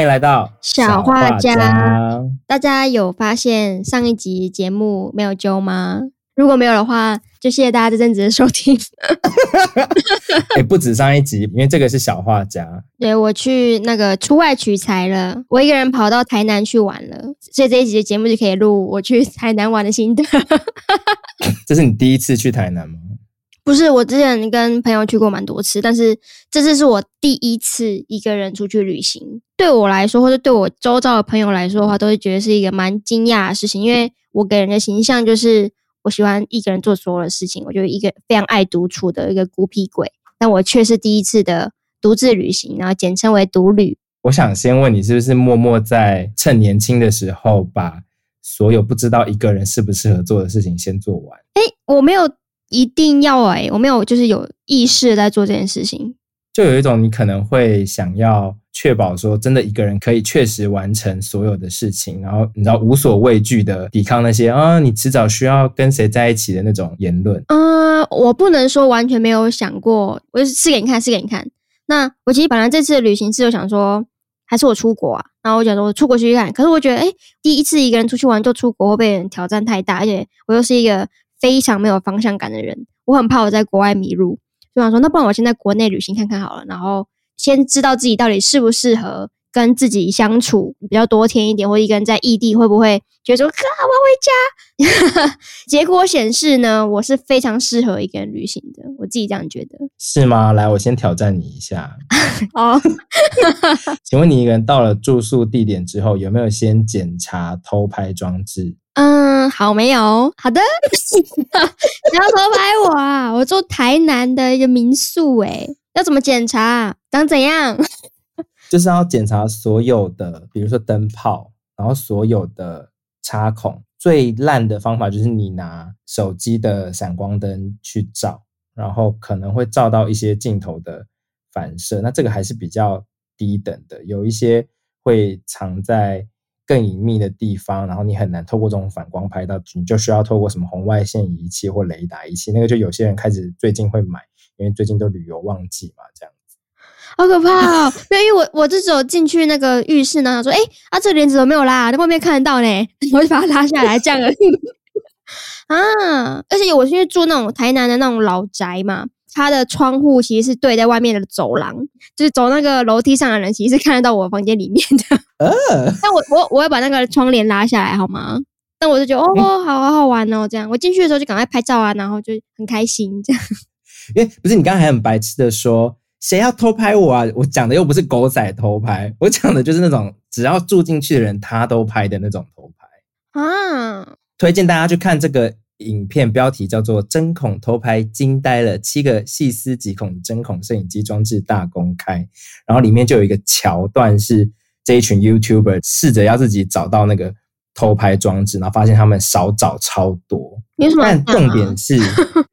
歡迎來到小話家。小話家。大家有發現上一集節目沒有揪嗎？如果沒有的話，就謝謝大家這陣子的收聽。也、 欸、不止上一集，因為這個是小話家。對，我去那個出外取材了，我一個人跑到台南去玩了，所以這一集的節目就可以錄我去台南玩的心得。 這是你第一次去台南嗎？不是，我之前跟朋友去過蠻多次，但是這次是我第一次一個人出去旅行。對我來說，或者對我周遭的朋友來說的話，都會覺得是一個蠻驚訝的事情。因為我給人的形象就是，我喜歡一個人做所有的事情，我就一個非常愛獨處的一個孤僻鬼。但我卻是第一次的獨自旅行，然後簡稱為獨旅。我想先問你，是不是默默在趁年輕的時候，把所有不知道一個人適不適合做的事情先做完？誒、欸，我沒有。一定要哎、欸，我沒有，就是有意識在做這件事情，就有一種你可能會想要確保說，真的一個人可以確實完成所有的事情，然後你知道無所畏懼的抵抗那些啊，你遲早需要跟誰在一起的那種言論啊、呃。我不能說完全沒有想過，我就是試給你看，試給你看。那我其實本來這次旅行是有想說，還是我出國啊，然後我想說我出國去、去看，可是我覺得誒、欸，第一次一個人出去玩就出國，會被人挑戰太大，而且我又是一個。非常沒有方向感的人，我很怕我在國外迷路。就想說，那不然我先在國內旅行看看好了，然後先知道自己到底適不適合跟自己相處比較多天一點，或者一個人在異地會不會覺得說，啊、我要回家。 結果顯示呢，我是非常適合一個人旅行的，我自己這樣覺得。是嗎？來，我先挑戰你一下。 哦， 請問你一個人到了住宿地點之後，有沒有先檢查偷拍裝置？嗯，好，沒有，好的。不行。你要偷拍我啊？我住台南的一個民宿，欸，要怎麼檢查？長怎樣？就是要檢查所有的，比如說燈泡，然後所有的插孔。最爛的方法就是你拿手機的閃光燈去照，然後可能會照到一些鏡頭的反射。那這個還是比較低等的，有一些會藏在。更隱秘的地方，然後你很難透過這種反光拍到，你就需要透過什麼紅外線儀器或雷達儀器。那個就有些人開始最近會買，因為最近都旅遊旺季嘛，這樣子。好可怕哦！哦！ 因為我我這候進去那個浴室，呢，後說：“誒、欸、啊這個簾子都沒有拉，在外面看得到呢。”我就把它拉下來，這樣子。 啊，而且我是因為住那種台南的那種老宅嘛。它的窗戶其實是對在外面的走廊，就是走那個樓梯上的人，其實是看得到我房間裡面的。那、啊、我我我要把那個窗簾拉下來好嗎？但我就覺得哦，哦好，好好玩哦，這樣我進去的時候就趕快拍照啊，然後就很開心這樣。因為不是你剛才還很白痴的說誰要偷拍我啊？我講的又不是狗仔偷拍，我講的就是那種只要住進去的人他都拍的那種偷拍啊。推薦大家去看這個。影片標題叫做《針孔偷拍驚呆了七個細思極恐針孔攝影機裝置大公開》，然後裡面就有一個橋段是這一群 YouTuber 試着要自己找到那個偷拍裝置，然後發現他們少找超多。但重點是，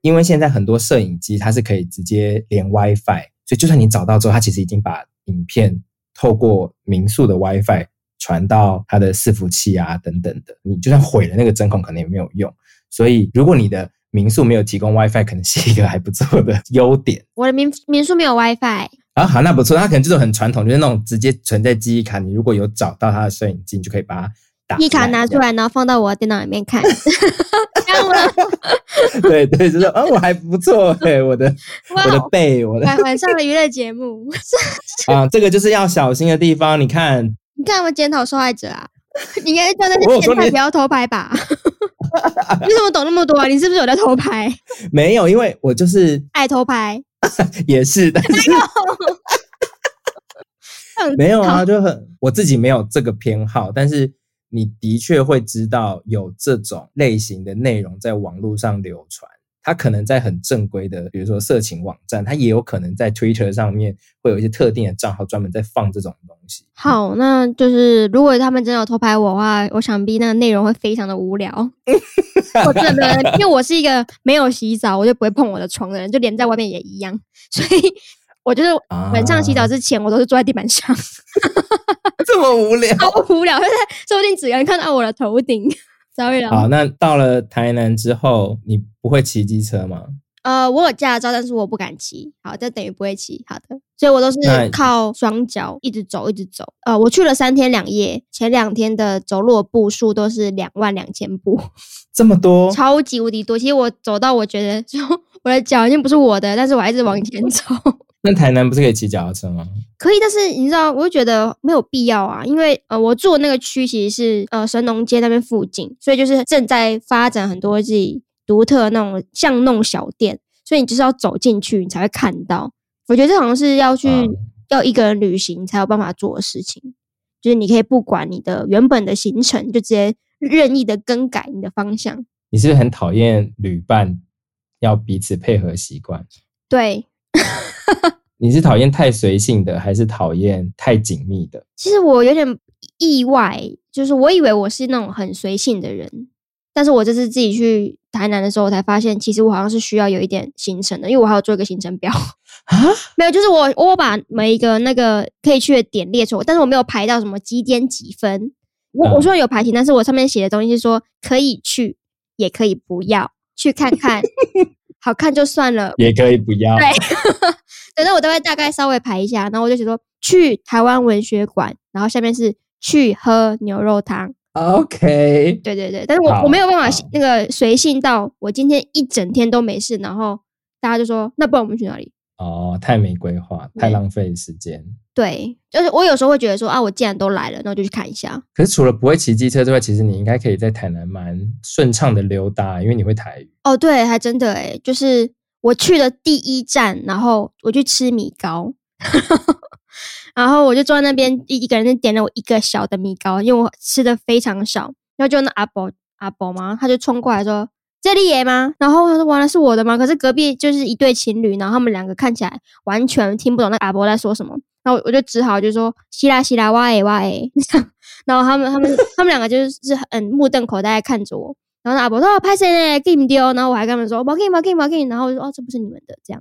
因為現在很多攝影機它是可以直接連 WiFi，所以就算你找到之後，它其實已經把影片透過民宿的 WiFi 傳到它的伺服器啊等等的。你就算毀了那個針孔，可能也沒有用。所以，如果你的民宿沒有提供 WiFi，可能是一個還不錯的優點。我的民民宿沒有 WiFi，啊好，那不錯，它可能就是很傳統，就是那種直接存在記憶卡。你如果有找到他的攝影機，你就可以把它打。記憶卡拿出來，樣然後放到我的電腦裡面看。 這樣嗎？ 對對，就是說，哦、啊，我還不錯，欸、我的，我，好我的背，我的。晚上的娛樂節目。 啊，這個就是要小心的地方。你看。你看我檢討受害者啊，應該是站在前台不要偷拍吧。你怎麼懂那麼多啊？你是不是有在偷拍？沒有，因為我就是愛偷拍，也是的。但是沒有，I know. 沒有啊，就很，我自己沒有這個偏好，但是你的確會知道有這種類型的內容在網絡上流傳。他可能在很正規的，比如說色情網站，他也有可能在 Twitter 上面會有一些特定的賬號專門在放這種東西。嗯、好，那就是如果他們真的有偷拍我的話，我想必那個內容會非常的無聊。我真的，因為我是一個沒有洗澡我就不會碰我的床的人，就連在外面也一樣。所以，我就是晚上洗澡之前，啊、我都是坐在地板上。 這麼無聊，無聊是不是？說不定只能看到我的頭頂。 好，那到了台南之後，你不會騎機車嗎？呃，我有駕照，但是我不敢騎。好，這等於不會騎。好的，所以我都是靠雙腳一直走，一直走。呃，我去了三天兩夜，前兩天的走路的步數都是兩萬兩千步，這麼多，超級無敵多。其實我走到我覺得就，就我的腳已經不是我的，但是我還是往前走。那台南不是可以騎腳踏車嗎？可以，但是你知道，我就覺得沒有必要啊。因為呃，我住的那個區其實是呃神農街那邊附近，所以就是正在發展很多自己獨特那種巷弄小店，所以你就是要走進去，你才會看到。我覺得這好像是要去、嗯、要一個人旅行才有辦法做的事情，就是你可以不管你的原本的行程，就直接任意的更改你的方向。你是不是很討厭旅伴要彼此配合習慣？對。 你是討厭太隨性的，還是討厭太緊密的？其實我有點意外，就是我以為我是那種很隨性的人，但是我這次自己去台南的時候，我才發現，其實我好像是需要有一點行程的，因為我還要做一個行程表。蛤沒有，就是我我把每一個那個可以去的點列出，但是我沒有排到什麼幾點幾分。我、嗯、我雖然有排題，但是我上面寫的東西是說可以去，也可以不要去看看。 好看就算了，也可以不要。對。 反正我都會大概稍微排一下，然後我就想說去台灣文學館，然後下面是去喝牛肉湯。OK，對對對，但是我好我沒有辦法好那個隨性到我今天一整天都沒事，然後大家就說那不然我們去哪裡？哦，太沒規劃，太浪費時間。對，對，就是我有時候會覺得說啊，我既然都來了，然後就去看一下。可是除了不會騎機車之外，其實你應該可以在台南蠻順暢的溜達，因為你會台語。哦，對，還真的欸，就是。我去了第一站，然後我去吃米糕， 然後我就坐在那邊一一個人，就點了我一個小的米糕，因為我吃的非常少。然後就那阿伯阿伯嘛，他就衝過來說：“這裡也嗎？”然後他說：“完了，是我的嗎？”可是隔壁就是一對情侶，然後他們兩個看起來完全聽不懂那阿伯在說什麼。然後我就只好就說：“西啦西啦，哇欸哇欸。”然後他們他們 他們兩個就是是很目瞪口呆看着我。然後阿伯說：“拍誰呢？給你丟。”然後我還跟他們說：“不給，不給，不給。”然後我就說：“哦，這不是你們的。”這樣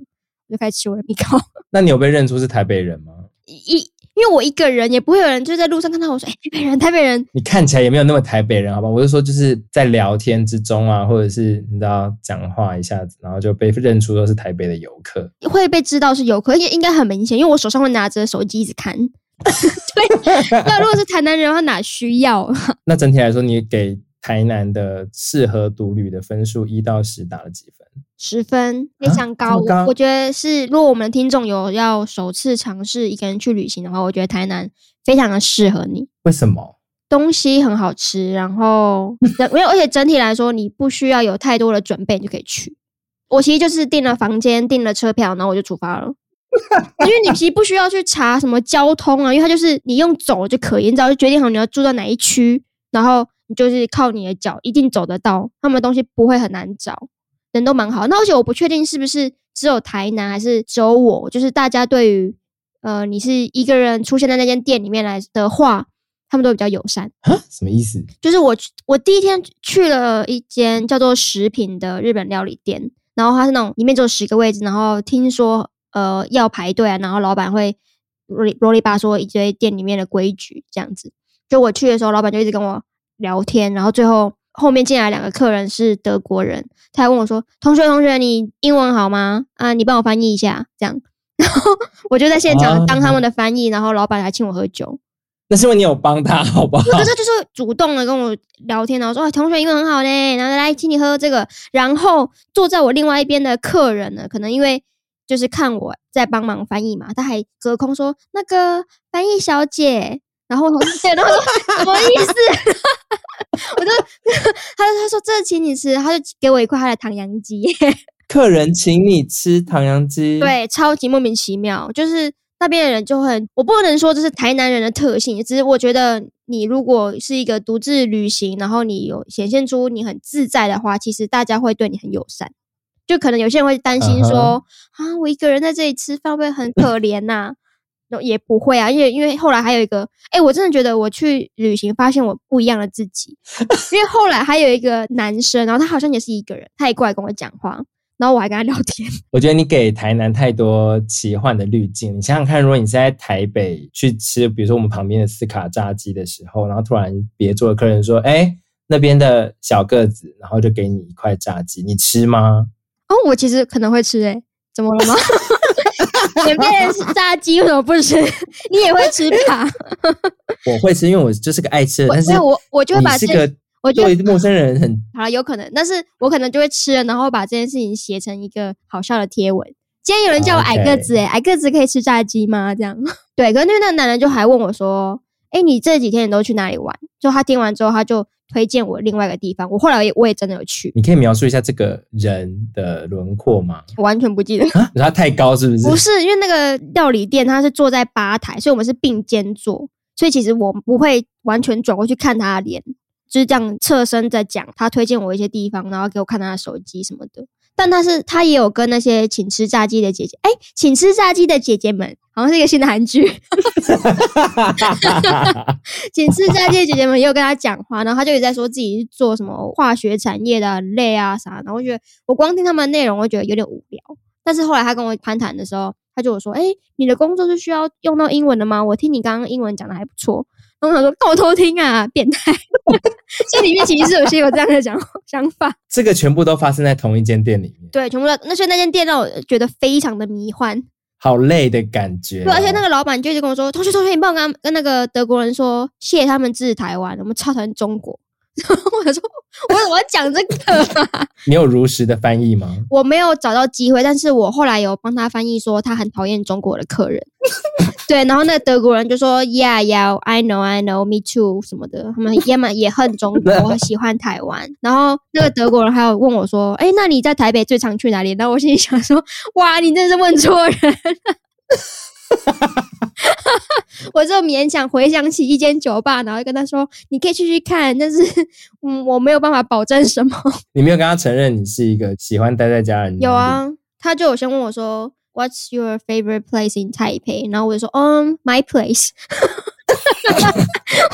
我就開始吃我的米糕。那你有被認出是台北人嗎？一，因為我一個人，也不會有人就在路上看到我說：“欸，台北人，台北人。”你看起來也沒有那麼台北人，好吧？我就說，就是在聊天之中啊，或者是你知道講話一下子，然後就被認出都是台北的遊客，會被知道是遊客，也應該很明顯，因為我手上會拿着手機一直看。 對， 那如果是台南人的話，哪需要？那整體來說，你給。台南的適合獨旅的分數一到十打了幾分？十分非常高。啊？這麼高？我覺得是，如果我們的聽眾有要首次嘗試一個人去旅行的話，我覺得台南非常的適合你。為什麼？東西很好吃，然後而且整體來說，你不需要有太多的準備你就可以去。我其實就是訂了房間，訂了車票，然後我就出發了。因為你其實不需要去查什麼交通啊，因為它就是你用走就可以。你只要決定好你要住在哪一區，然後。就是靠你的腳一定走得到，他們東西不會很難找，人都蠻好。那而且我不確定是不是只有台南，還是只有我，就是大家對於，呃，你是一個人出現在那間店裡面來的話，他們都比較友善。哈，什麼意思？就是我我第一天去了一間叫做食品的日本料理店，然後它是那種裡面只有十個位置，然後聽說呃要排隊，啊，然後老板會囉里囉里吧嗦一堆店裡面的規矩這樣子。就我去的時候，老板就一直跟我。聊天，然後最後後面進來兩個客人是德國人，他還問我說：“同學，同學，你英文好嗎？啊，你幫我翻譯一下。”這樣，然後我就在現場當他們的翻譯，啊、然後老闆還請我喝酒。那是因為你有幫他，好不好？他就是主動的跟我聊天，然後說：“同學，英文很好嘞。”然後來請你喝，喝這個。然後坐在我另外一邊的客人呢，可能因為就是看我在幫忙翻譯嘛，他還隔空說：“那個翻譯小姐。” 然後我同事對，然後說什麼意思？ 我就他就他說，這請你吃，他就給我一塊他的唐揚雞。 客人請你吃唐揚雞，對，超級莫名其妙。就是那邊的人就很，我不能說這是台南人的特性，只是我覺得你如果是一個獨自旅行，然後你有顯現出你很自在的話，其實大家會對你很友善。就可能有些人會擔心說、uh huh. 啊，我一個人在這裡吃飯會，會很可憐吶、啊。 那也不會啊，因為因為後來還有一個，哎、欸，我真的覺得我去旅行發現我不一樣的自己， 因為後來還有一個男生，然後他好像也是一個人，他也過來跟我講話，然後我還跟他聊天。我覺得你給台南太多奇幻的濾鏡，你想想看，如果你是在台北去吃，比如說我們旁邊的斯卡炸雞的時候，然後突然別桌的客人說：“哎、欸，那邊的小個子，然後就給你一塊炸雞，你吃嗎？”哦，我其實可能會吃、欸，哎，怎麼了嗎？ 別人吃炸雞，為什麼不吃？你也會吃吧？我會吃，因為我就是個愛吃的人。所以我是我，我就會把這個我一就個陌生人很好了，有可能。但是我可能就會吃了，然後把這件事情寫成一個好笑的貼文。今天有人叫我矮個子、欸，okay、矮個子可以吃炸雞嗎？這樣對。可是那男人就還問我說：“哎、欸，你這幾天你都去哪裡玩？”就他聽完之後，他就。推薦我另外一個地方，我後來也我也真的有去。你可以描述一下這個人的輪廓嗎？我完全不記得。他太高是不是？不是，因為那個料理店他是坐在吧台，所以我們是並肩坐，所以其實我不會完全轉過去看他的臉，就是這樣側身在講。他推薦我一些地方，然後給我看他的手機什麼的。但他是，他也有跟那些請吃炸雞的姐姐，哎、欸，請吃炸雞的姐姐們，好像是一個新的韓劇， 請吃炸雞的姐姐們也有跟他講話，然後他就也在說自己是做什麼化學產業的，累啊啥，然後我覺得我光聽他們的內容，我覺得有點無聊。但是後來他跟我攀談的時候，他就說，哎、欸，你的工作是需要用到英文的嗎？我聽你剛剛英文講得還不錯。我想說，跟我偷聽啊，變態！這裡面其實是有些有這樣的想法。這個全部都發生在同一間店裡面。對，全部都。那所以那間店讓我覺得非常的迷幻，好累的感覺，哦。對，而且那個老闆就一直跟我說：“ 同學，同學，你幫我跟跟那個德國人說， 謝謝他們支持台灣，我們超討厭中國。 ”我說：“我我要講這個、啊、 你有如實的翻譯嗎？我沒有找到機會，但是我後來有幫他翻譯，說他很討厭中國的客人。 對，然後那個德國人就說 Yeah Yeah I know I know me too 什麼的，他們也蠻也恨中國， 我喜歡台灣。然後那個德國人還有問我說，哎， 那你在台北最常去哪裡？然後我心裡想說，哇，你真是問錯人。 我就勉強回想起一間酒吧，然後就跟他說，你可以去去看，但是嗯，我沒有辦法保證什麼。你沒有跟他承認你是一個喜歡待在家的人。有啊，就他就有先問我說。What's your favorite place in Taipei？然後我就說，嗯，oh, my place，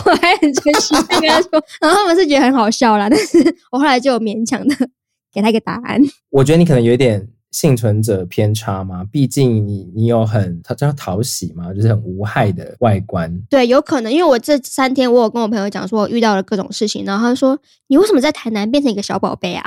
我還很誠實跟他說，然後他們是覺得很好笑啦，但是我後來就有勉強的給他一個答案。我覺得你可能有點倖存者偏差嘛，畢竟你你有很他真的討喜嘛，就是很無害的外觀。對，有可能，因為我這三天我有跟我朋友講說，我遇到了各種事情，然後他說，你為什麼在台南變成一個小寶貝啊？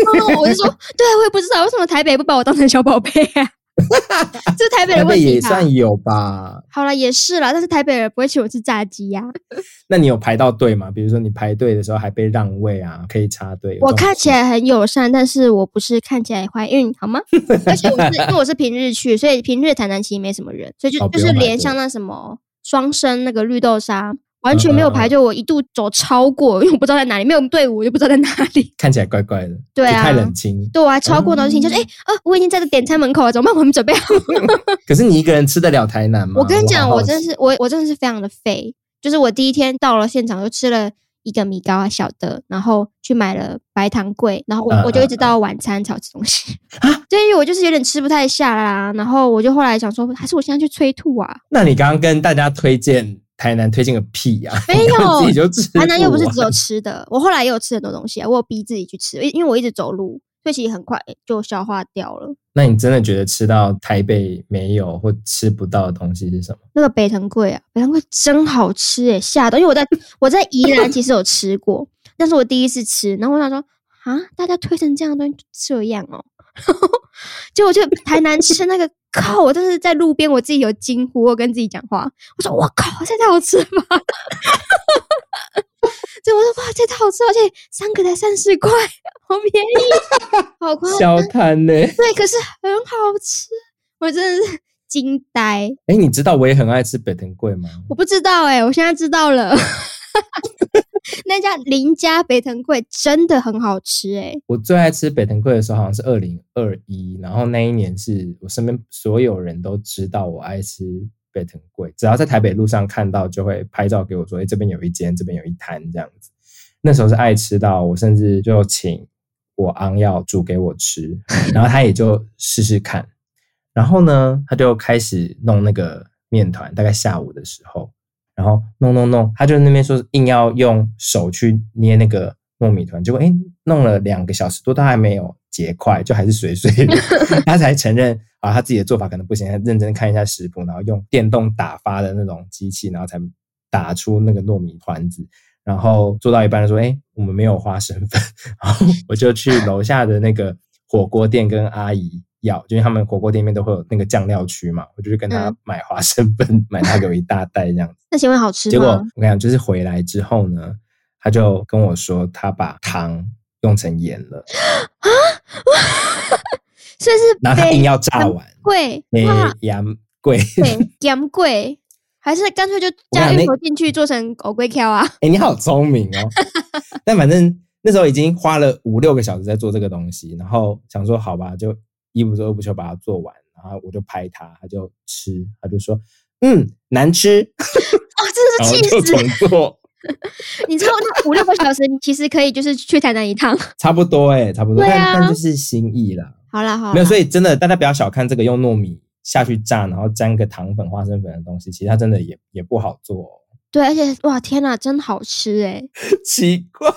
我就說，對啊，我也不知道為什麼台北不把我當成小寶貝、啊，這 是台北的問題、啊。也算有吧。好了，也是啦。但是台北人不會請我吃炸雞呀、啊。 那你有排到隊嗎？比如說你排隊的時候還被讓位啊，可以插隊。我看起來很友善，但是我不是看起來懷孕好嗎？ 而且我是因為我是平日去，所以平日台南其實沒什麼人，所以就、哦、就是連像那什麼雙生那個綠豆沙。完全沒有排隊，我一度走超過，因為我不知道在哪裡，沒有隊伍，又不知道在哪裡。看起來怪怪的，對啊，太冷清。對、啊，我還超過呢，嗯、就心想哎，呃，我已經在這點餐門口了，怎麼辦？我們準備好了嗎？可是你一個人吃得了台南嗎？我跟你講，我真是我，我真的是非常的廢。就是我第一天到了現場，就吃了一個米糕、啊、小的，然後去買了白糖粿，然後我呃呃呃我就一直到晚餐才吃東西啊。所以我就是有點吃不太下啦，然後我就後來想說，還是我現在去催吐啊。那你剛剛跟大家推薦？台南推薦個屁呀、啊！沒有， 自己就吃。台南又不是只有吃的，我後來也有吃很多東西啊。我有逼自己去吃，因因為我一直走路，所以其實很快，欸，就消化掉了。那你真的覺得吃到台北沒有或吃不到的東西是什麼？那個白糖粿啊，白糖粿真好吃哎，欸，嚇！因為我在我在宜蘭其實有吃過， 但是我第一次吃，然後我想說啊，大家推成這樣都這樣哦， 就我覺得台南吃那個。靠！我就是在路邊，我自己有驚呼，我跟自己講話，我說：“我靠，這太好吃了吧！”哈哈哈哈哈。我說，哇，這太好吃，而且三個才三十塊，好便宜，好誇張。小攤呢、欸？對，可是很好吃，我真的是驚呆。哎、欸，你知道我也很愛吃白糖粿嗎？我不知道哎、欸，我現在知道了。哈哈哈哈哈。那家林家白糖粿真的很好吃誒、欸，我最愛吃白糖粿的時候好像是二零二一，然後那一年是我身邊所有人都知道我愛吃白糖粿，只要在台北路上看到就會拍照給我說，說、欸、誒，這邊有一間，這邊有一攤這樣子。那時候是愛吃到我，甚至就請我昂要煮給我吃，然後他也就試試看，然後呢他就開始弄那個面糰，大概下午的時候。然後弄弄弄，他就那邊說，硬要用手去捏那個糯米團，結果誒，弄了兩個小時多，都還沒有結塊，就還是水水的。他才承認啊，他自己的做法可能不行，認真看一下食譜，然後用電動打發的那種機器，然後才打出那個糯米團子。然後做到一半說，哎，我們沒有花生粉。然後我就去樓下的那個火鍋店跟阿姨。要，因為他們火鍋店裡面都會有那個醬料區嘛，我就去跟他買花生粉，買他給我一大袋這樣子。那請問好吃嗎？結果我跟你講，就是回來之後呢，他就跟我說，他把糖用成鹽了啊！所以是？然後他硬要炸完貴，鹽貴，美鹽貴，還是乾脆就加芋頭進去做成烏龜殼啊？欸，你好聰明哦！但反正那時候已經花了五六個小時在做這個東西，然後想說，好吧，就。一不做二不休，把它做完，然後我就拍它，它就吃，他就說：“嗯，難吃。”哦，真的是氣死！然後又重做。就你知道那五六個小時， 你其實可以就是去台南一趟。差不多哎、欸，差不多。對啊。那就是心意啦。好了好了，沒有，所以真的，大家不要小看這個用糯米下去炸，然後沾個糖粉、花生粉的東西，其實它真的也也不好做、哦。對，而且哇，天哪，真好吃哎、欸！奇怪。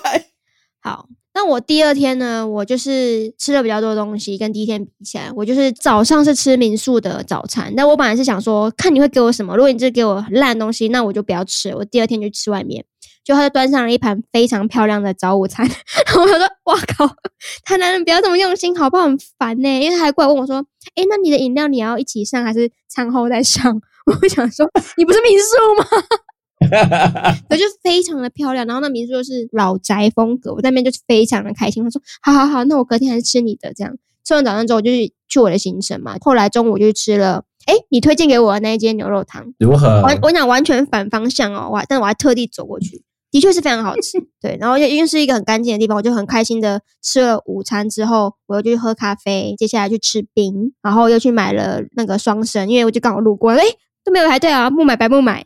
好。那我第二天呢？我就是吃了比較多的東西，跟第一天比起來，我就是早上是吃民宿的早餐。那我本來是想說，看你會給我什麼？如果你這給我爛東西，那我就不要吃。我第二天就吃外面。就他就端上了一盤非常漂亮的早午餐。然後我就說，哇靠！台南人不要這麼用心好不好？很煩呢、欸。因為他還過來問我說，哎、欸，那你的飲料你要一起上還是餐後再上？我想說，你不是民宿嗎？哈哈哈， 可就非常的漂亮，然後那民宿又是老宅風格，我在那邊就是非常的開心。我說：“好好好，那我隔天還是吃你的這樣。”吃完早餐之後，我就去我的行程嘛。後來中午就吃了，哎、欸，你推薦給我的那一間牛肉湯如何？我，我想完全反方向哦，我，但我還特地走過去，的確是非常好吃。 對，然後因為是一個很乾淨的地方，我就很開心的吃了午餐之後，我又去喝咖啡，接下來去吃冰，然後又去買了那個雙生，因為我就剛好路過，哎、欸。都沒有排隊啊，不買白不買，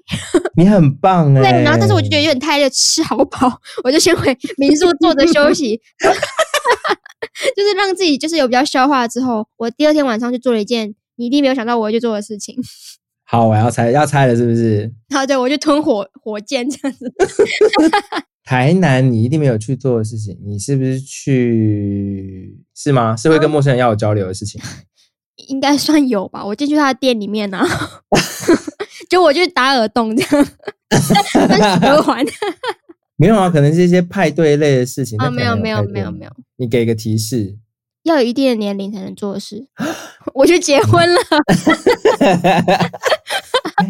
你很棒，哎、欸。 對，然後但是我就覺得有點太熱，吃好飽，我就先回民宿坐着休息， 就是讓自己就是有比較消化之後，我第二天晚上去做了一件你一定沒有想到我會去做的事情。好，我要猜，要猜了是不是？好，對，我就吞火火箭這樣子。 台南，你一定沒有去做的事情，你是不是去？是嗎？是會跟陌生人要有交流的事情。啊應該算有吧，我進去他的店裡面呢、啊， 就我就打耳洞這樣，但是耳環 沒有啊，可能是一些派對類的事情啊,啊，沒有沒有沒有沒有，沒有你給一個提示，要有一定的年齡才能做的事， 我就結婚了。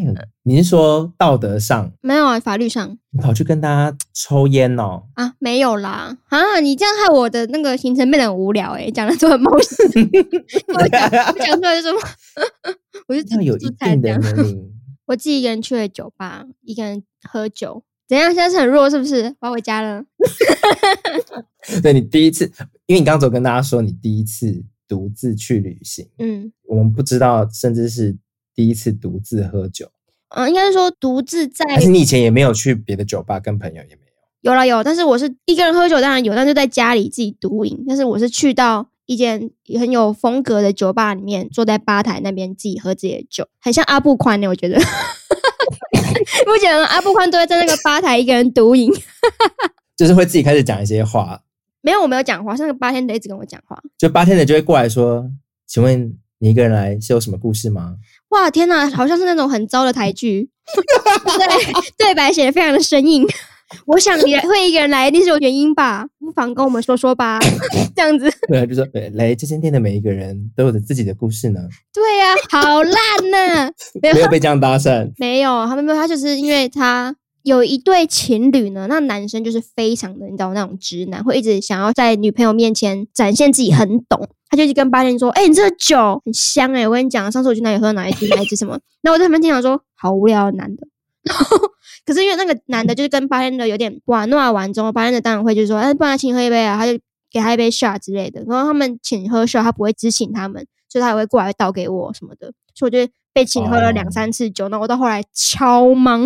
你是說道德上沒有啊？法律上，你跑去跟他抽煙哦、喔？啊，沒有啦！啊，你這樣害我的那個行程變得很無聊哎、欸，講的都很冒險。講出來就什麼？我就自己一個人， 我自己一個人去了酒吧，一個人喝酒，怎樣？現在是很弱是不是？我要回家了。 對你第一次，因為你剛才跟大家說你第一次獨自去旅行，嗯，我們不知道，甚至是。第一次獨自喝酒，嗯，應該是說獨自在。可是你以前也沒有去別的酒吧，跟朋友也沒有。有啦有，但是我是一個人喝酒，當然有，但是在家裡自己獨飲。但是我是去到一間很有風格的酒吧裡面，坐在吧台那邊自己喝自己的酒，很像阿布寬呢、欸，我覺得。不講了，阿布寬都會在，在那個吧台一個人獨飲， 就是會自己開始講一些話。沒有，我沒有講話，是那個八天的一直跟我講話。就八天的就會過來說，請問你一個人來是有什麼故事嗎？哇，天吶，好像是那種很糟的台劇， 對、哦、對白寫的非常的生硬。 我想你會一個人來，一定是有原因吧？ 不妨跟我們說說吧， 這樣子。對、啊，就說來這間店的每一個人都有着自己的故事呢。對呀、啊，好爛吶、啊！ 沒有被這樣搭訕， 沒有，他們沒有，他就是因為他。有一對情侶呢，那男生就是非常的你知道那種直男，會一直想要在女朋友面前展現自己很懂。他就去跟吧檯說、欸：“你這個酒很香哎、欸，我跟你講，上次我去哪裡喝哪一支 哪一支什麼。”那我在旁邊聽到說：“好無聊的男的。 ”可是因為那個男的就是跟吧檯的有點玩鬧玩後吧檯的當然會就是說：“哎、欸，不然請喝一杯啊。”他就給他一杯 shot 之類的。然後他們請喝 shot 他不會只請他們，所以他也會過來倒給我什麼的。所以我覺得。被請喝了兩三次酒，oh. 然後我到後來超忙。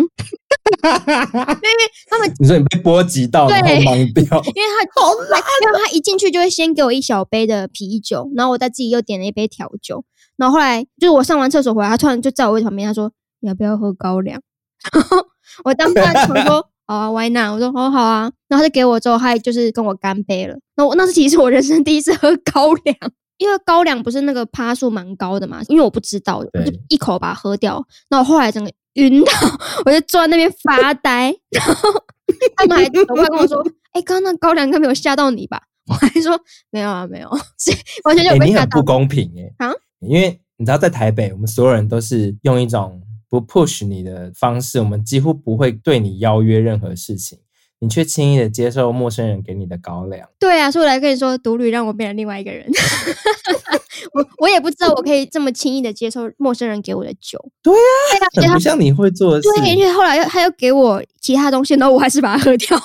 因為他們你說你被波及到，對然後忙掉，因為他懂，因為他一進去就會先給我一小杯的啤酒， 然後我再自己又點了一杯調酒，然後後來就是我上完廁所回來，他突然就在我位旁邊，他說你要不要喝高粱？ 我當時在場說 好啊，Why not？我說好、哦、好啊，然後他就給我之後，他也就是跟我乾杯了。那我那是其實我人生第一次喝高粱。因為高粱不是那個趴數蠻高的嘛？因為我不知道，對我就一口把它喝掉。那我後來整個暈倒，我就坐在那邊發呆。然後他們還他們還跟我說：“哎、 欸，剛剛那高粱應該沒有嚇到你吧？”我還說：“沒有啊，沒有，完全就被嚇到你。欸”不公平哎、欸！啊，因為你知道，在台北，我們所有人都是用一種不 push 你的方式，我們幾乎不會對你邀約任何事情。你卻輕易的接受陌生人給你的高粱。對啊，所以我來跟你說，獨旅讓我變成另外一個人。 我我也不知道，我可以這麼輕易的接受陌生人給我的酒。對啊，對啊，不像你會做事。對，而且後來又他又給我其他東西，然後我還是把它喝掉了。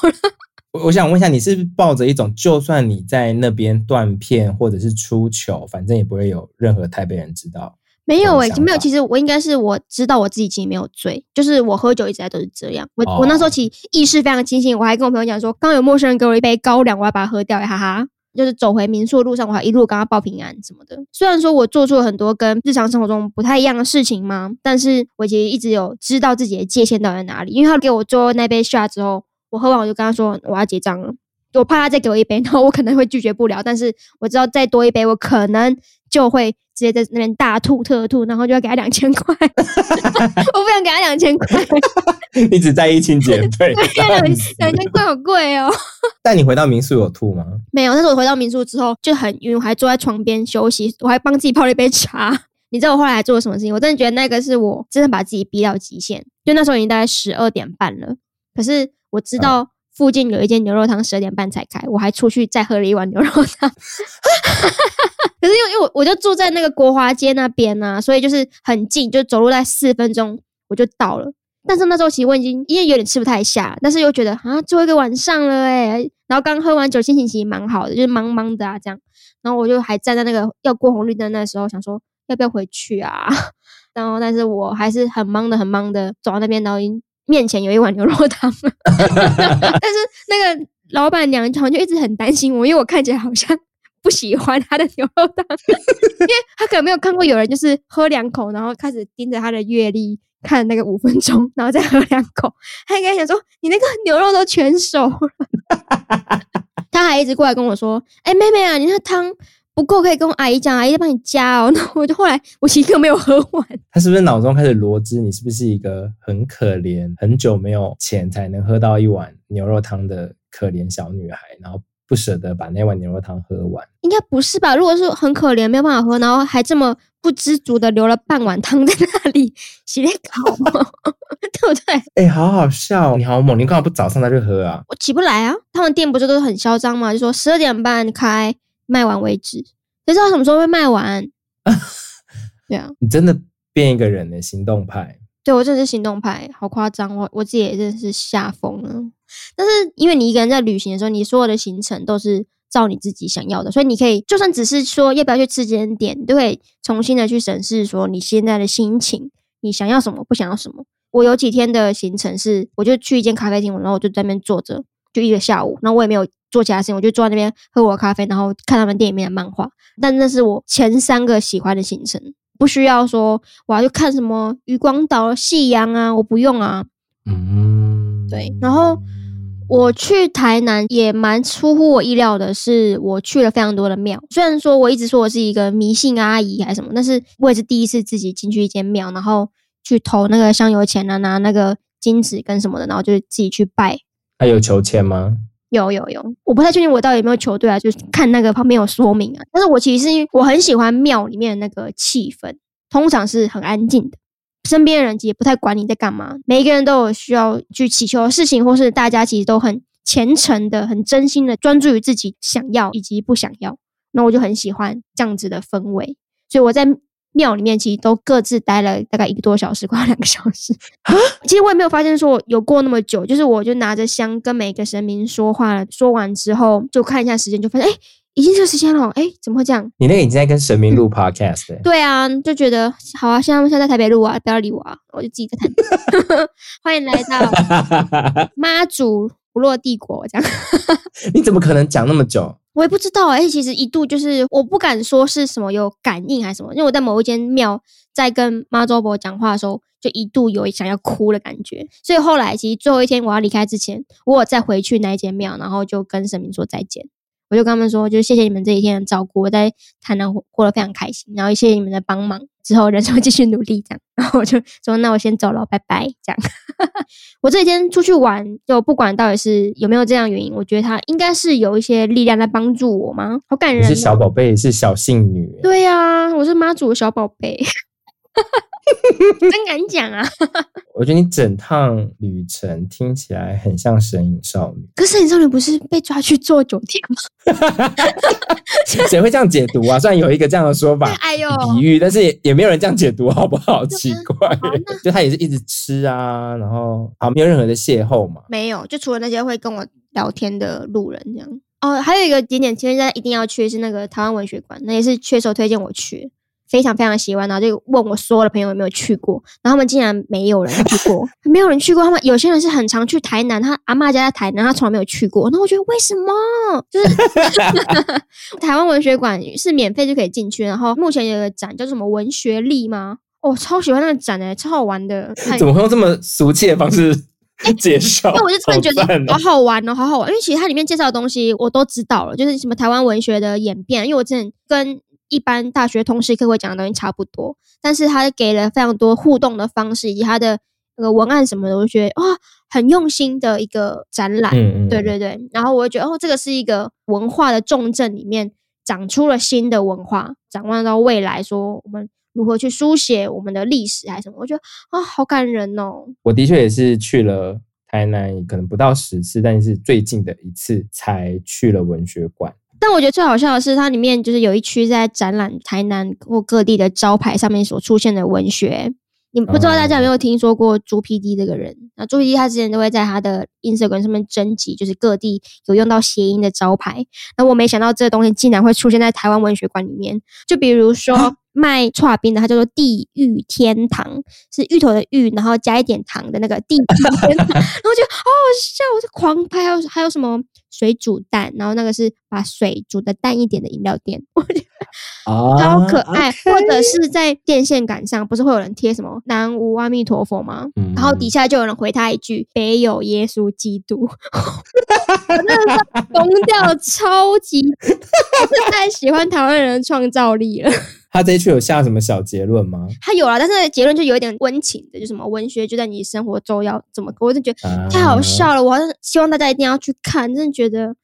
我我想問一下，你是抱着一種，就算你在那邊斷片或者是出糗，反正也不會有任何台北人知道。沒有哎、欸，沒有。其實我應該是我知道我自己其實沒有醉，就是我喝酒一直在都是這樣。我我那時候其實意識非常清醒，我還跟我朋友講說，剛有陌生人給我一杯高粱，我要把它喝掉、欸，哈哈。就是走回民宿的路上，我還一路跟他報平安什麼的。雖然說我做出了很多跟日常生活中不太一樣的事情嘛，但是我其實一直有知道自己的界限到底在哪裡。因為他給我做那杯 shot 之後，我喝完我就跟他說我要結賬了，我怕他再給我一杯，然後我可能會拒絕不了。但是我知道再多一杯，我可能。就會直接在那邊大吐特吐，然後就要給他兩千塊， 我不想給他兩千塊， 你只在意清潔費，兩千塊好貴哦。 但你回到民宿有吐嗎？沒有，但是我回到民宿之後就很暈，我還坐在床邊休息，我還幫自己泡了一杯茶。你知道我後來還做了什麼事情？我真的覺得那個是我真的把自己逼到極限，就那時候已經大概十二點半了，可是我知道、啊。附近有一間牛肉湯，十二點半才開，我還出去再喝了一碗牛肉湯。 可是因為因為我我就住在那個國華街那邊呢、啊，所以就是很近，就走路在四分鐘我就到了。但是那時候其實我已經因為有點吃不太下，但是又覺得啊，最後一個晚上了誒、欸、然後剛喝完酒，心情其實蠻好的，就是茫茫的啊這樣。然後我就還站在那個要過紅綠燈那的時候，想說要不要回去啊？然後但是我還是很茫的，很茫的走到那邊，然後已面前有一碗牛肉湯， 但是那個老闆娘好像就一直很擔心我，因為我看起來好像不喜歡她的牛肉湯， 因為他可能沒有看過有人就是喝兩口，然後開始盯着他的閱歷看那個五分鐘，然後再喝兩口，他應該想說你那個牛肉都全熟了， 他還一直過來跟我說：“哎、欸，妹妹啊，你那湯。”不夠可以跟我阿姨講，阿姨幫你加哦。那我就後來我一個沒有喝完。他是不是腦中開始羅織？你是不是一個很可憐，很久沒有錢才能喝到一碗牛肉湯的可憐小女孩？然後不捨得把那碗牛肉湯喝完？應該不是吧？如果是很可憐，沒辦法喝，然後還這麼不知足的留了半碗湯在那裡洗咧搞 對不對？哎、欸，好好笑，哦！你好猛，你幹嘛不早上再去喝啊？我起不來啊。他們店不是都是很囂張嘛，就說十二點半開。賣完為止，不知道什麼時候會賣完。對啊，你真的變一個人的、欸、行動派。對，我真的是行動派，好誇張。我我自己也真的是嚇瘋了。但是因為你一個人在旅行的時候，你所有的行程都是照你自己想要的，所以你可以就算只是說要不要去吃幾點，你都會重新的去審視說你現在的心情，你想要什麼，不想要什麼。我有幾天的行程是，我就去一間咖啡廳，然後我就在那邊坐着，就一個下午，然後我也沒有。做其他事情，我就坐在那邊喝我的咖啡，然後看他們店裡面的漫畫。但那是我前三個喜歡的行程，不需要說我要去看什麼漁光島、夕陽啊，我不用啊。嗯哼，對。然後我去台南也蠻出乎我意料的是，我去了非常多的廟。雖然說我一直說我是一個迷信阿姨還是什麼，但是我也是第一次自己進去一間廟，然後去投那個香油錢啊，拿那個金紙跟什麼的，然後就自己去拜。還有求籤嗎？有有有，我不太確定我到底有沒有求對啊，就是看那個旁邊有說明啊。但是我其實我很喜歡廟裡面的那個氣氛，通常是很安靜的，身邊的人也不太管你在幹嘛，每一個人都有需要去祈求的事情，或是大家其實都很虔誠的、很真心的專注於自己想要以及不想要。那我就很喜歡這樣子的氛圍，所以我在廟裡面其實都各自待了大概一個多小時，快兩個小時。蛤其實我也沒有發現說我有過那麼久，就是我就拿着香跟每個神明說話了。說完之後就看一下時間，就發現哎、欸，已經這個時間了。哎、欸，怎麼會這樣？你那個已經在跟神明錄 Podcast、欸嗯。對啊，就覺得好啊，現在現在，在台北錄啊，不要理我啊，我就自己在談。 歡迎來到媽祖不落帝國，我講。 你怎麼可能講那麼久？我也不知道誒、欸、其實一度就是我不敢說是什麼有感應還是什麼，因為我在某一間廟在跟媽祖婆講話的時候，就一度有想要哭的感覺，所以後來其實最後一天我要離開之前，我有再回去那一間廟，然後就跟神明說再見。我就跟他們說，就謝謝你們這幾天的照顧，我在台南活過得非常開心，然後謝謝你們的幫忙，之後人生繼續努力這樣。然後我就說，那我先走了，拜拜這樣。哈哈哈，我這幾天出去玩，就不管到底是有沒有這樣的原因，我覺得他應該是有一些力量在幫助我嗎？好感人，你是小寶貝，也是小性女。對呀、啊，我是媽祖小寶貝。哈 哈真敢講啊！ 我覺得你整趟旅程聽起來很像神隱少女。可是神隱少女不是被抓去做酒店嗎？誰 會這樣解讀啊？雖然有一個這樣的說法，哎、呦，比喻，但是也，也沒有人這樣解讀，好不好？就是、奇怪、啊，就他也是一直吃啊，然後好沒有任何的邂逅嘛？沒有，就除了那些會跟我聊天的路人這樣。哦，還有一個景點，其實大家一定要去是那個台灣文學館，那也是缺手推薦我去。非常非常喜歡，然後就問我所有的朋友有沒有去過？然後他們竟然沒有人去過，沒有人去過。他們有些人是很常去台南，他阿嬤家在台南，他從來沒有去過。那我覺得為什麼？就是 台灣文學館是免費就可以進去，然後目前有個展叫做什麼“文學力”嗎？哦，超喜歡那個展哎、欸，超好玩的。怎麼會用這麼俗氣的方式、欸、介紹？因為我就真的覺得好好玩哦、喔，好好玩。因為其實它裡面介紹的東西我都知道了，就是什麼台灣文學的演變。因為我之前跟一般大學通識課會講的東西差不多，但是他是給了非常多互動的方式，以及他的那個文案什麼的，我覺得啊、哦，很用心的一個展覽。嗯嗯，對對對。然後我就覺得哦，這個是一個文化的重鎮裡面長出了新的文化，展望到未來，說我們如何去書寫我們的歷史還是什麼？我覺得啊、哦，好感人哦。我的確也是去了台南，可能不到十次，但是最近的一次才去了文學館。但我覺得最好笑的是，它裡面就是有一區在展覽台南或各地的招牌上面所出現的文學。你不知道大家有沒有聽說過朱 PD 這個人？嗯、那朱 PD 他之前都會在他的 Instagram 上面徵集，就是各地有用到諧音的招牌。那我沒想到這個東西竟然會出現在台灣文學館裡面。就比如說、啊。賣剉冰的，它叫做地獄天堂，是芋頭的芋，然後加一點糖的那個地獄天堂，然後我就好好笑，我就狂拍，還有還有什麼水煮蛋，然後那個是把水煮的淡一點的飲料店，我天。好可愛，啊 okay、或者是在電線桿上，不是會有人貼什麼南無阿彌陀佛嗎？嗯、然後底下就有人回他一句北有耶穌基督，那他的瘋掉，超級太喜歡台灣人的創造力了。他這一句有下什麼小結論嗎？他有啊，但是結論就有一點溫情的，就什麼文學就在你生活中要怎麼，我真覺得太好笑了。啊、我還是希望大家一定要去看，真的覺得。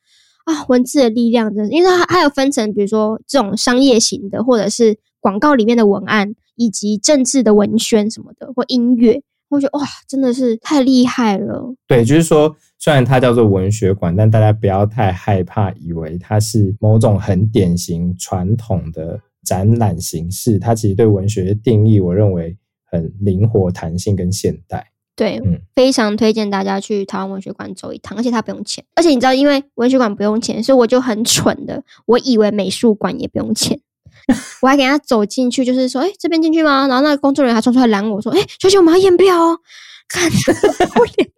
啊，文字的力量真的，因為它它有分成，比如說這種商業型的，或者是廣告裡面的文案,以及政治的文宣什麼的，或音樂，我覺得哇，真的是太厲害了。對，就是說，雖然它叫做文學館，但大家不要太害怕，以為它是某種很典型傳統的展覽形式。它其實對文學的定義，我認為很靈活、彈性跟現代。對，非常推薦大家去台灣文學館走一趟，而且它不用錢。而且你知道，因為文學館不用錢，所以我就很蠢的，我以為美術館也不用錢， 我還給他走進去，就是說，哎、欸，這邊進去嗎？然後那個工作人員還衝出來攔我說，哎、欸，小姐，我們要驗票、喔。看，我臉。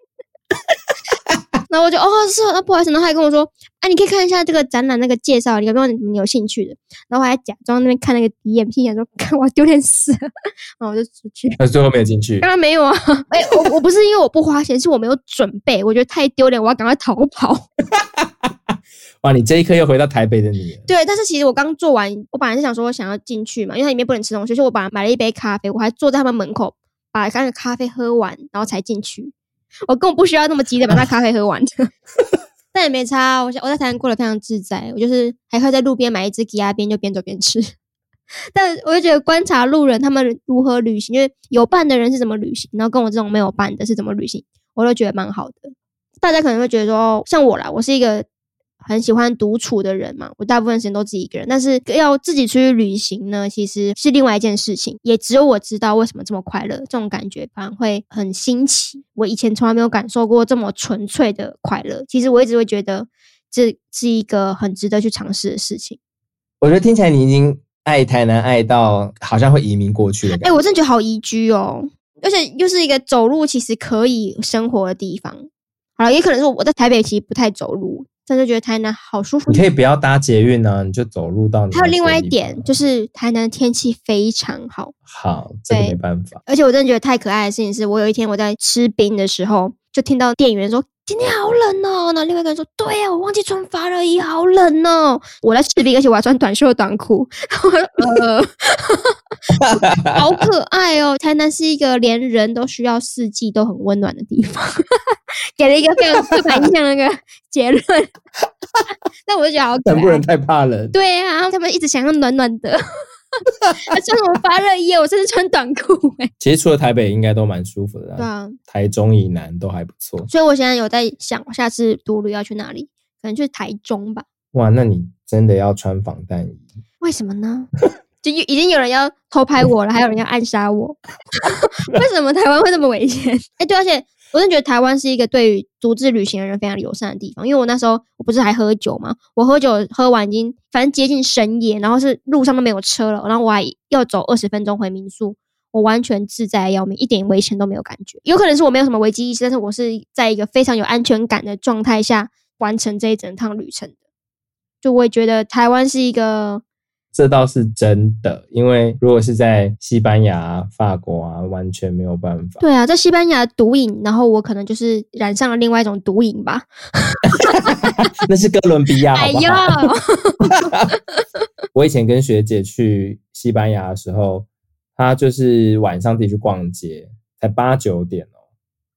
然後我就哦是、啊，那不好意思，然後他還跟我說，哎、啊，你可以看一下這個展覽那個介紹，你有沒有你有興趣的？然後我還假裝那邊看那個一眼，屁想說看我丟臉死了，然後我就出去。但是最後沒有進去？當然沒有啊，哎、欸、我我不是因為我不花錢，是我沒有準備，我覺得太丟臉，我要趕快逃跑。 哇，你這一刻又回到台北的你。對，但是其實我剛做完，我本來是想說我想要進去嘛，因為他裡面不能吃東西，所以我本來買了一杯咖啡，我還坐在他們門口把那個咖啡喝完，然後才進去。我根本不需要那麼急的把那咖啡喝完， 但也沒差。我我在台南過得非常自在，我就是還會在路邊買一支枝仔冰就邊走邊吃。 但我就覺得觀察路人他們如何旅行，因為有伴的人是怎麼旅行，然後跟我這種沒有伴的是怎麼旅行，我都覺得蠻好的。大家可能會覺得說，像我啦，我是一個。很喜歡獨處的人嘛，我大部分時間都自己一個人。但是要自己出去旅行呢，其實是另外一件事情。也只有我知道為什麼這麼快樂，這種感覺反而會很新奇。我以前從來沒有感受過這麼純粹的快樂。其實我一直會覺得這是一個很值得去嘗試的事情。我覺得聽起來你已經愛台南愛到好像會移民過去。誒、哎、我真的覺得好宜居哦，而且又是一個走路其實可以生活的地方。好了，也可能是我在台北其實不太走路。真的覺得台南好舒服，你可以不要搭捷運呢、啊，你就走路到。還有另外一點，就是台南天氣非常好。好，這個沒辦法。而且我真的覺得太可愛的事情是，我有一天我在吃冰的時候，就聽到店員說。今天好冷哦！那另外一個人說：“對呀、啊，我忘記穿發熱衣，好冷哦！”我在舉例，而且我要穿短袖短褲，好可愛哦！台南是一個連人都需要四季都很溫暖的地方， 給了一個非常刻板印象的一個結論。那 我就覺得好可愛、啊，南部人太怕冷。對啊，他們一直想要暖暖的。像什麼 發熱衣，我甚至穿短褲、欸。哎，其實除了台北，應該都蠻舒服的、啊。對啊，台中以南都還不錯。所以我現在有在想，我下次獨旅，要去哪裡？可能去台中吧。哇，那你真的要穿防彈衣？為什麼呢？就已經有人要偷拍我了， 還有人要暗殺我。 為什麼台灣會這麼危險？哎、欸，對，而且。我真覺得台灣是一個對於獨自旅行的人非常友善的地方，因為我那時候我不是還喝酒嗎？我喝酒喝完已經，反正接近深夜，然後是路上都沒有車了，然後我還要走二十分鐘回民宿，我完全自在要命，一點危險都沒有感覺。有可能是我沒有什麼危機意識，但是我是在一個非常有安全感的狀態下完成這一整趟旅程的。就我也覺得台灣是一個。這倒是真的，因為如果是在西班牙，啊、法國啊，完全沒有辦法。對啊，在西班牙毒癮，然後我可能就是染上了另外一種毒癮吧。 那是哥倫比亞好不好？哎呦！ 我以前跟學姐去西班牙的時候，她就是晚上自己去逛街，才八九點。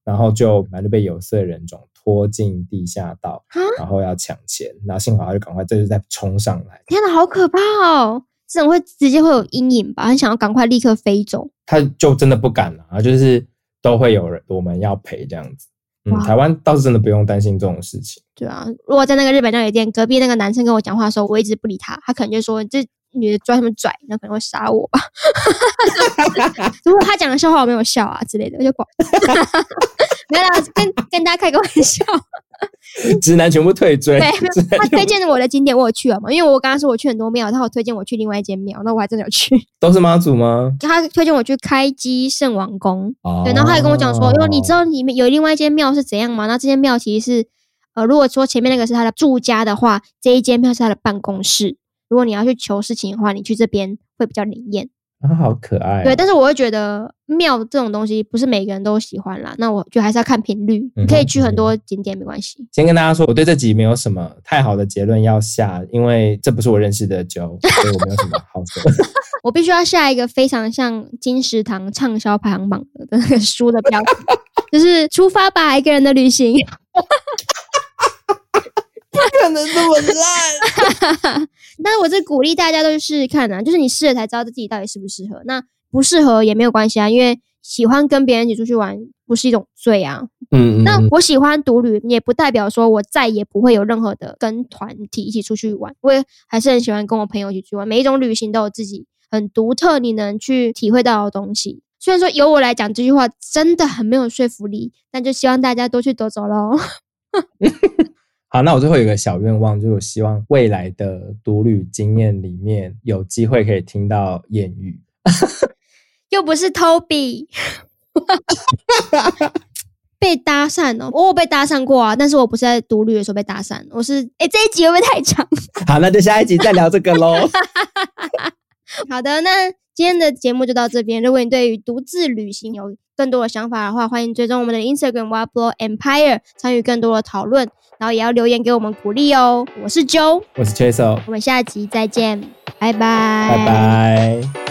然後就反正就被有色的人種拖進地下道，蛤然後要搶錢，然後幸好他就趕快，這是在衝上來。天哪，好可怕哦！這種會直接會有陰影吧？很想要趕快立刻飛走。他就真的不敢了啊！就是都會有人，我們要賠這樣子。嗯，哇台灣倒是真的不用擔心這種事情。對啊，如果在那個日本料理店隔壁那個男生跟我講話的時候，我一直不理他，他可能就說這。女的抓什麼拽？那可能會殺我吧。 如果他講的笑話我沒有笑啊之類的，我就掛。 沒有啦，跟跟大家開個玩笑。直男全部退追。對，他推薦我的景點，我有去了嘛。因為我剛剛說我去很多廟，他有推薦我去另外一間廟，那我還真的有去。都是媽祖嗎？他推薦我去開基聖王宮。哦、對，然後他還跟我講說：“如果你知道裡面有另外一間廟是怎樣嗎？那這間廟其實是……呃，如果說前面那個是他的住家的話，這一間廟是他的辦公室。”如果你要去求事情的話，你去這邊會比較靈驗。它、啊、好可愛、喔。對，但是我會覺得廟這種東西不是每個人都喜歡啦，那我就還是要看頻率。你可以去很多景點，沒關係、嗯嗯嗯。先跟大家說，我對這集沒有什麼太好的結論要下，因為這不是我認識的 Jo，所以我沒有什麼好說的。 我必須要下一個非常像金石堂暢銷排行榜的書的標題， 就是《出發吧，一個人的旅行。》 怎可能這麼爛？ 但是我是鼓勵大家都去試試看啊，就是你試了才知道自己到底適不適合。那不適合也沒有關係啊，因為喜歡跟別人一起出去玩不是一種罪啊。嗯，嗯，那我喜歡獨旅，也不代表說我再也不會有任何的跟團體一起出去玩。我也還是很喜歡跟我朋友一起去玩，每一種旅行都有自己很獨特你能去體會到的東西。雖然說由我來講這句話真的很沒有說服力，但就希望大家多去走走嘍。好，那我最後有一個小願望，就是我希望未來的獨旅經驗裡面有機會可以聽到豔遇， 又不是 Toby， 被搭訕哦、喔，我被搭訕過啊，但是我不是在獨旅的時候被搭訕，我是誒、欸、這一集會不會太長？ 好，那就下一集再聊這個嘍。 好的，那。今天的節目就到這邊。如果你對於獨自旅行有更多的想法的話，歡迎追蹤我們的 Instagram @whatblowempire 參與更多的討論，然後也要留言給我們鼓勵哦。我是 Jo 我是 Chaser 我們下集再見，拜拜，拜拜。